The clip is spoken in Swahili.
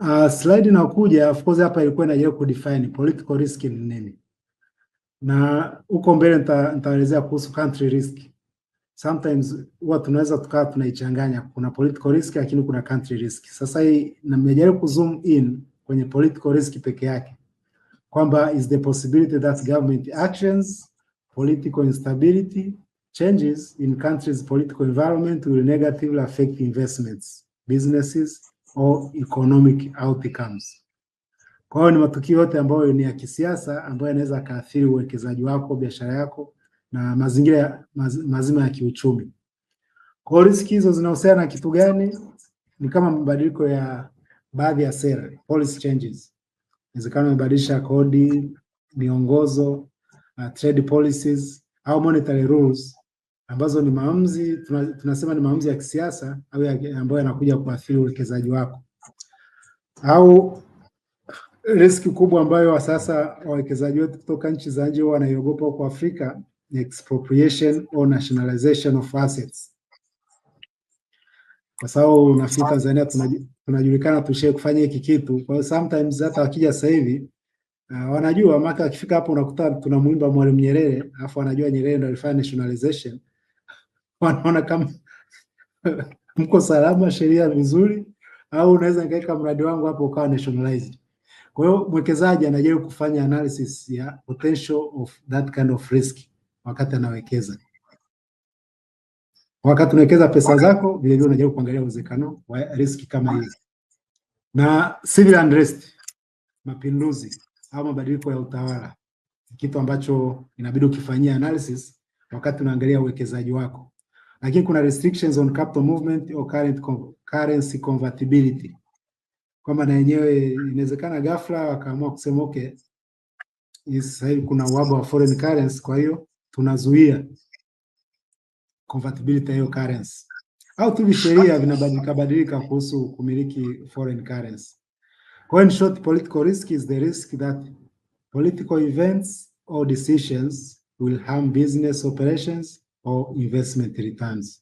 Uh, slide inayokuja of course hapa ilikuwa inajaribu kudefine political risk ni nini, na huko mbele nitaelezea kuhusu country risk. Sometimes huwa tunaweza tukawa tunaichanganya, kuna political risk lakini kuna country risk. Sasa hii nimejaribu kuzoom in kwenye political risk peke yake kwamba is the possibility that government actions, political instability, changes in country's political environment will negatively affect investments, businesses or economic outcomes. Kwa hiyo ni matukio yote ambayo ni ya kisiasa ambayo yanaweza kaathiri uwekezaji wako, biashara yako na mazingira mazima ya kiuchumi. Kwa hiyo riski hizo zinahusiana na kitu gani? Ni kama mabadiliko ya baadhi ya sera, policy changes. Inawezekana umebadilisha kodi, miongozo, uh, trade policies au monetary rules ambazo ni maamuzi tunasema ni maamuzi ya kisiasa au ambayo yanakuja kuathiri uwekezaji wako au riski kubwa ambayo wa sasa wawekezaji wetu kutoka nchi za nje wanaiogopa huko Afrika ni expropriation or nationalization of assets, kwa sababu nafikiri Tanzania tunajulikana tushe kufanya hiki kitu. Kwa hiyo sometimes hata wakija sasa hivi uh, wanajua maka akifika hapo unakuta tunamwimba Mwalimu Nyerere, alafu wanajua Nyerere ndo alifanya nationalization, wanaona kama mko salama, sheria vizuri, au unaweza nikaweka mradi wangu hapo ukawa nationalized. Kwa hiyo mwekezaji anajaribu kufanya analysis ya potential of that kind of risk wakati anawekeza. Wakati unawekeza pesa zako, vile vile unajaribu kuangalia uwezekano wa risk kama hizi na civil unrest, mapinduzi au mabadiliko ya utawala, kitu ambacho inabidi ukifanyia analysis wakati unaangalia uwekezaji wako lakini kuna restrictions on capital movement or current currency convertibility, kwamba na yenyewe inawezekana ghafla wakaamua kusema okay, sasa hivi kuna uhaba wa foreign currency, kwa hiyo tunazuia convertibility hiyo currency, au tu sheria vinabadilika badilika kuhusu kumiliki foreign currency. Kwa in short, political risk is the risk that political events or decisions will harm business operations or investment returns.